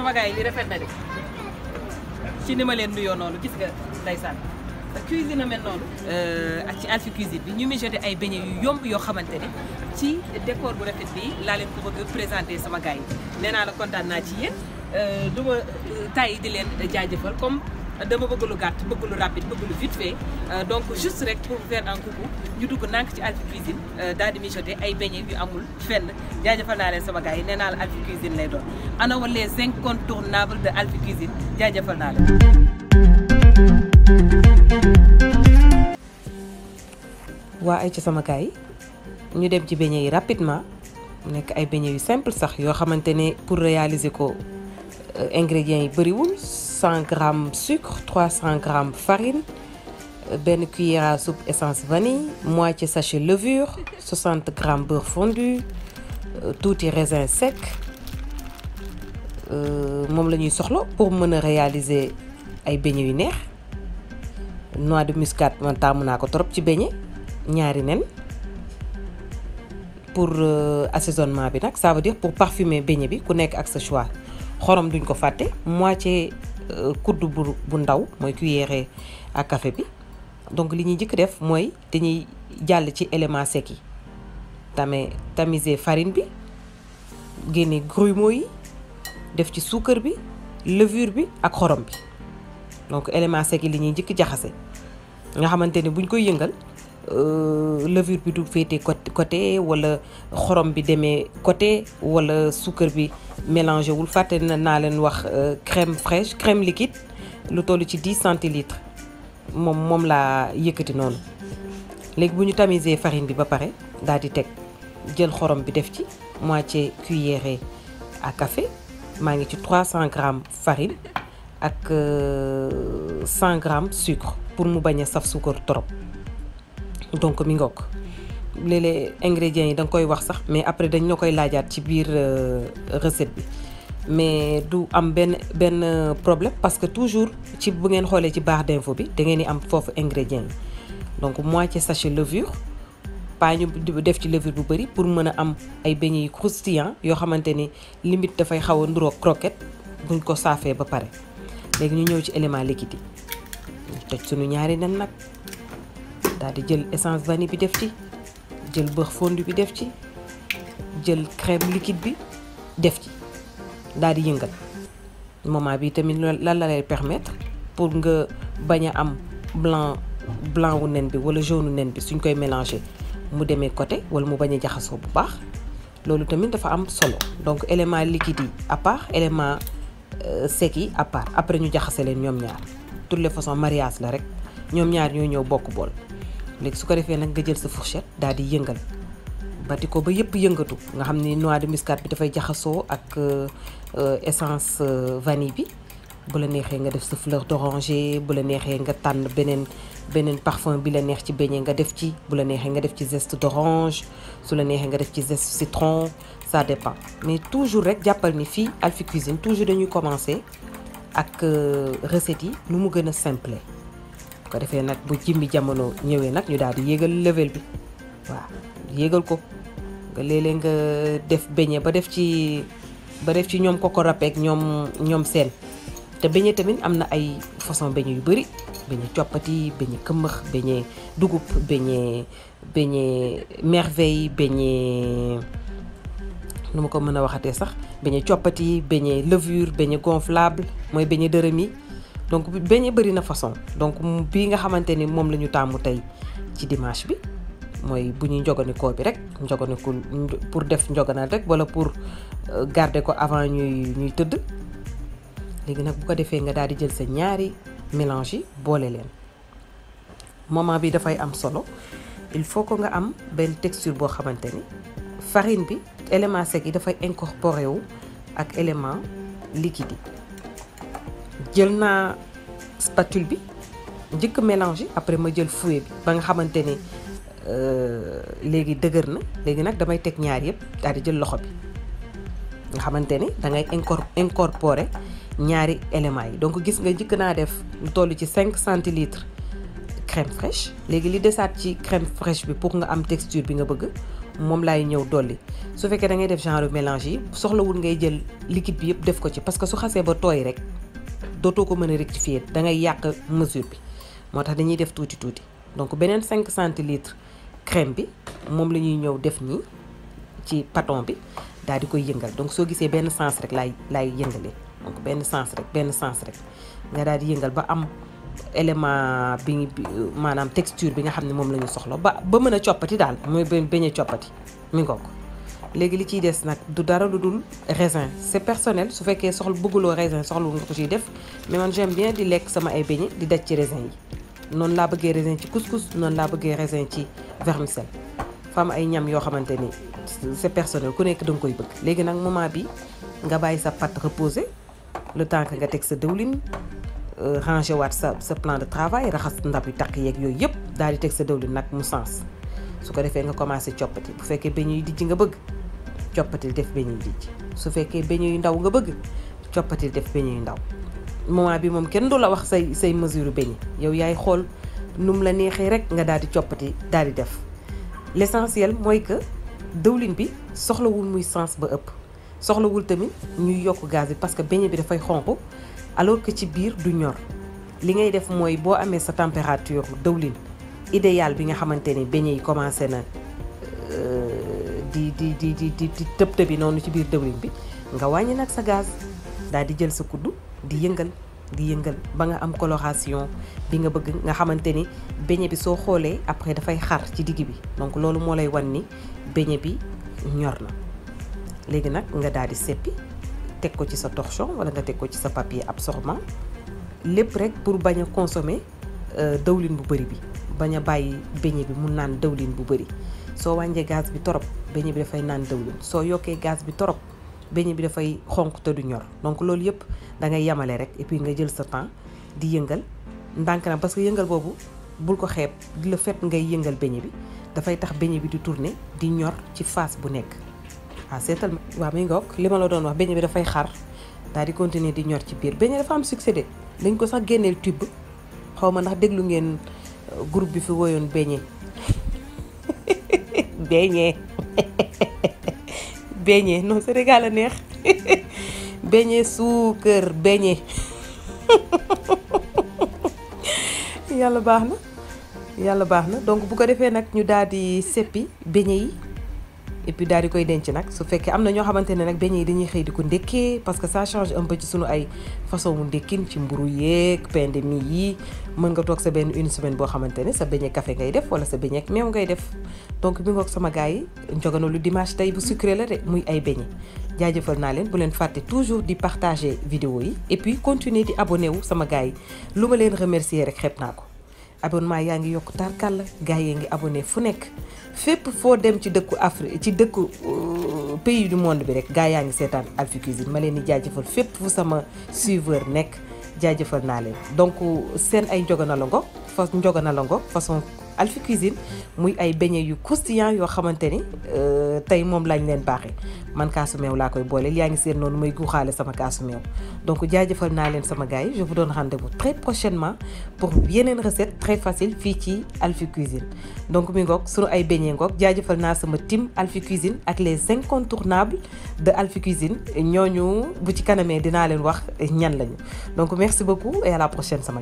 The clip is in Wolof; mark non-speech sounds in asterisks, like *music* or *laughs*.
sama gars yi li rafet na de ci ni ma leen nuyoo noonu gis nga ndeysaan cuisine mel noonu euh, ak ci Alphie Cuisine bi ñu mijoté ay beñe yu yomb yoo xamante ne ci décor bu rafet bi laa leen ko bëgg présenté sama gars yi nee naa la kontaan naa ci yéen euh, du ma euh, yi di leen jaajëfal comme dama bëgg lu gàtt bëgg lu rapide bëgg lu vite fait euh, donc juste rek pour faire un coucou ñu dugg nànk ci Alphie Cuisine euh, daal di mijoter ay beignet yu amul fenn jaajëfal naa leen sama gars yi nee naa la Alphie Cuisine lay doon ana woon les incontournables de Alphie Cuisine jaajëfal naa la waa ay ci sama gars yi ñu dem ci beignet yi rapidement nekk ay beignet yu simple sax yoo xamante ne pour réaliser ko euh, ingrédients yi bëriwul 100 grammes sucre 300 grammes farine benn cuillère à soupe essence vanille moitié sachet levure 60 grammes beurre fondu euh, tuuti raisin sec euh, moom la ñuy soxla pour mën a réaliser ay beignet yu neex noix de muscade man taamu naa ko trop ci beignet ñaari nen pour euh, assaisonnement bi nag ça veut dire pour parfumer beignet bi ku nekk ak sa choix xorom duñ ko fàtte moitié Euh, kudd bu ndaw mooy cuillère à café bi donc li ñuy njëkk def mooy dañuy jàll ci élément sec yi tame farine bi génne grumeaux yi def ci suukar bi levure bi ak xorom bi donc élément sec yi li ñuy njëkk jaxase nga xamante ne buñ koy yëngal Euh, levure bi du féete côté wala xorom bi demee côté wala suukar bi mélangé wul fàtte na naa leen wax euh, crème fraîche crème liquide lu toll ci 10 centilitre moom moom laa yëkkati noonu léegi bu ñu tamiser farine bi ba pare daal di teg jël xorom bi def ci moitié cuillère à café maa ngi ci 300 grammes farine ak 100 euh, grammes sucre pour mu bañ a saf suukar trop donc mi ngook léeg-léeg ingrédients yi da nga koy wax sax mais après dañ la koy laajaat ci biir euh, recette bi mais du am benn benn euh, problème parce que toujours ci bu ngeen xoolee ci barre d'info bi da ngeen di am foofu ingrédients yi donc moitié sachet levure pas ñu def ci levure bu bëri pour mën a am ay beignet yu croustillant yoo xamante ni limite dafay xaw a nduroog croquette buñ ko saafee ba pare léegi ñu ñëw ci élément liquide yi toj suñu ñaari nen nag daal di jël essence vanille bi def ci jël beurre fondu bi def ci jël crème liquide bi def ci daal di yëngal moment bi tamit lan la lay permettre pour nga bañ a am blanc blanc wu nen bi wala jaune wu nen bi suñ koy mélanger mu demee côté wala mu bañ a jaxasoo bu baax loolu tamit dafa am solo donc élément liquide yi à part élément euh, sec yi à après ñu jaxasee leen ñoom ñaar toutes les façons mariage la rek ñoom ñaar ñoo ñëw bokk bool léegi su ko defee nag nga jël sa fourchette daal di yëngal bati ba yëpp yëngatu nga xam ni noix de muscade bi dafay jaxasoo ak euh, essence euh, vanille bi bu la neexee nga def sa fleur d'oranger bu la neexee nga tànn beneen beneen parfum bi la neex ci beignet nga def ci bu neexee nga def ci zeste d'orange su la neexee nga def ci zeste citron ça dépend mais toujours rek jàppal ni fi Alphie Cuisine toujours dañuy commencer ak euh, recettes yi lu mu gën a simple ko defee nag bu jimmi jamono ñëwee nag ñu daal di yégal level bi waaw yéegal ko nga léeg nga def beñe ba def ci ba def ci ñoom koko rappeek ñoom ñoom seen te beñe tamit am na ay façon beñe yu bari beñe coppati beñe këmmax beñe dugub beñe beñe merveille beñe nu ma ko mën a waxatee sax beñe coppati beñe levure beñe gonflable mooy beñe dërëm yi donc beñe bëri na façon donc bii nga xamante ni moom la ñu tàmmu tey ci dimanche bi mooy bu ñuy njoganikoo bi rek njoganiku pour def njoganal rek wala pour euh, garder ko avant ñuy ñuy tëdd léegi nag bu ko defee nga daal di jël sa ñaari mélange yi boole leen moment bi dafay am solo il faut que nga am benn texture boo xamante ni farine bi élément sec yi dafay incorporé wu ak élément liquide yi jël naa spatule bi njëkk mélange mélangé après ma jël fouet ba nga xamante ne euh, léegi dëgër na léegi nag damay teg ñaar yëpp daal di jël loxo bi nga xamante ne da ngay incorporer ñaari éléments yi donc gis nga njëkk naa def lu toll ci cinq centilitre crème fraîche léegi li desaat ci crème fraîche bi pour nga am texture bi nga bëgg moom laay ñëw dolli su fekkee da ngay def genre mélange yi soxlawul ngay jël liquide bi yëpp def ko ci parce que su xasee ba tooy rek. dootoo ko mën a rectifier da ngay yàq mesure bi moo tax dañuy def tuuti tuuti donc beneen cinq centilitre crème bi moom la ñuy ñëw def nii ci paton bi daal di koy yëngal donc soo gisee benn sens rek laay laay yëngalee donc benn sens rek benn sens rek nga daal di yëngal ba am élément bi maanaam texture bi nga xam ne moom la ñu soxla ba ba mën a coppati daal mooy bañ coppati mi ngoog léegi li ciy des nag du dara lu dul raisin c'est personnel su fekkee soxla bëgguloo raisin soxlu nga ko ciy def mais man j'aime bien di lekk sama ay beignet di daj ci raisin yi noonu laa bëggee raisin ci couscous noonu laa bëggee raisin ci vermicelle fa am ay ñam yoo xamante ni c'est personnel ku nekk da nga koy bëgg léegi nag moment bi nga bàyyi sa pâte reposer le temps nga teg sa dëwlin euh, ranger waat sa sa plan de travail raxas ndab yi takk yeeg yooyu yëpp daal di teg sa dëwlin nag mu sens su ko defee nga commencé coppati bu fekkee beignet yi dijji nga bëgg coppatil def beñuy dijj su fekkee yu ndaw nga bëgg coppatil def yu ndaw moment bi moom kenn du la wax say say mesure beñi yow yaay xool nu mu la neexee rek nga daal di coppati daal di def l'essentiel mooy que dëwlin bi soxlawul muy sens ba ëpp soxlawul tamit ñuy yokk gaz bi parce que beñe bi dafay xonq alors que ci biir du ñor li ngay def mooy boo amee sa température dëwlin idéal bi nga xamante ni beñe yi commencé na di di di di di tëb tëbi noonu ci biir dëwlin bi nga wàññi nag sa gaz daal di jël sa kuddu di yëngal di yëngal ba nga am coloration bi nga bëgg nga xamante ni beñe bi soo xoolee après dafay xar ci digg bi donc loolu moo lay wan ni beñe bi ñor na léegi nag nga daal di seppi teg ko ci sa torchon wala nga teg ko ci sa papier absorbant lépp rek pour bañ a consommer euh, dëwlin bu bëri bi bañ a bàyyi beñe bi mu naan dëwlin bu bëri soo wàññee gaz bi torop beñe bi dafay naan dëwlin soo yokkee gaz bi torop beñe bi dafay xonq te du ñor donc loolu yëpp da ngay yamale rek et puis nga jël sa temps di yëngal ndànk na parce que yëngal boobu bul ko xeeb di la fet ngay yëngal beñe bi dafay tax beñe bi di tourne di ñor ci face bu nekk waaw seetal waa waaw mi ngoog li ma la doon wax beñe bi dafay xar daal di continuer di ñor ci biir beñe dafa am succédé dañ ko sax génneel tube xaw ma ndax déglu ngeen euh, groupe bi fi woyoon beñe beñe *laughs* beñe non Sénégal a neex *laughs* beñe suukar beñe *laughs* yàlla baax na yàlla baax na donc bu ko defee nag ñu daal di seppi beñe yi et daal di koy denc nag su fekkee am na ñoo xamante ne nag beñe yi dañuy xëy di ko ndékkee parce que ça change un peu ci sunu ay façon mu ndékkin ci mburu yeeg pain de mie yi mën nga toog sa benn une semaine boo xamante ne sa beñe kafe ngay def wala sa beñe ak meew ngay def donc bi ngoog sama gars yi njogano lu dimanche tey bu sucré la de muy ay beñe jaajëfal naa leen bu leen fàtte toujours di partager vidéo yi et continuer di abonné wu sama gars yi lu ma leen remercier rek xeeb naa ko abonnement yaa ngi yokk tarkalla gars yee ngi abonné fu nekk fépp foo dem ci dëkku Afrique ci dëkku euh, pays du monde bi rek gars yaa ngi seetaan Alphie Cuisine ma leen di jaajëfal fépp fu sama suiveur nekk jaajëfal naa leen donc seen ay njogonalongo fa njogonalongo façon Alphie Cuisine muy ay beñe yu croustillant yoo xamante ni euh, tey moom lañ leen baaxee man kaasu meew laa koy booleel yaa ngi seen noonu muy guuxaale sama kaasu meew donc jaajëfal naa leen sama gars yi je vous donne rendez-vous très prochainement pour yeneen recette très facile fii ci Alphie Cuisine donc mi ngoog sunu ay beñe ngoog jaajëfal naa sama team Alphie Cuisine ak les incontournables de Alphie Cuisine ñooñu bu ci kanamee dinaa leen wax ñan lañu donc merci beaucoup et la prochaine sama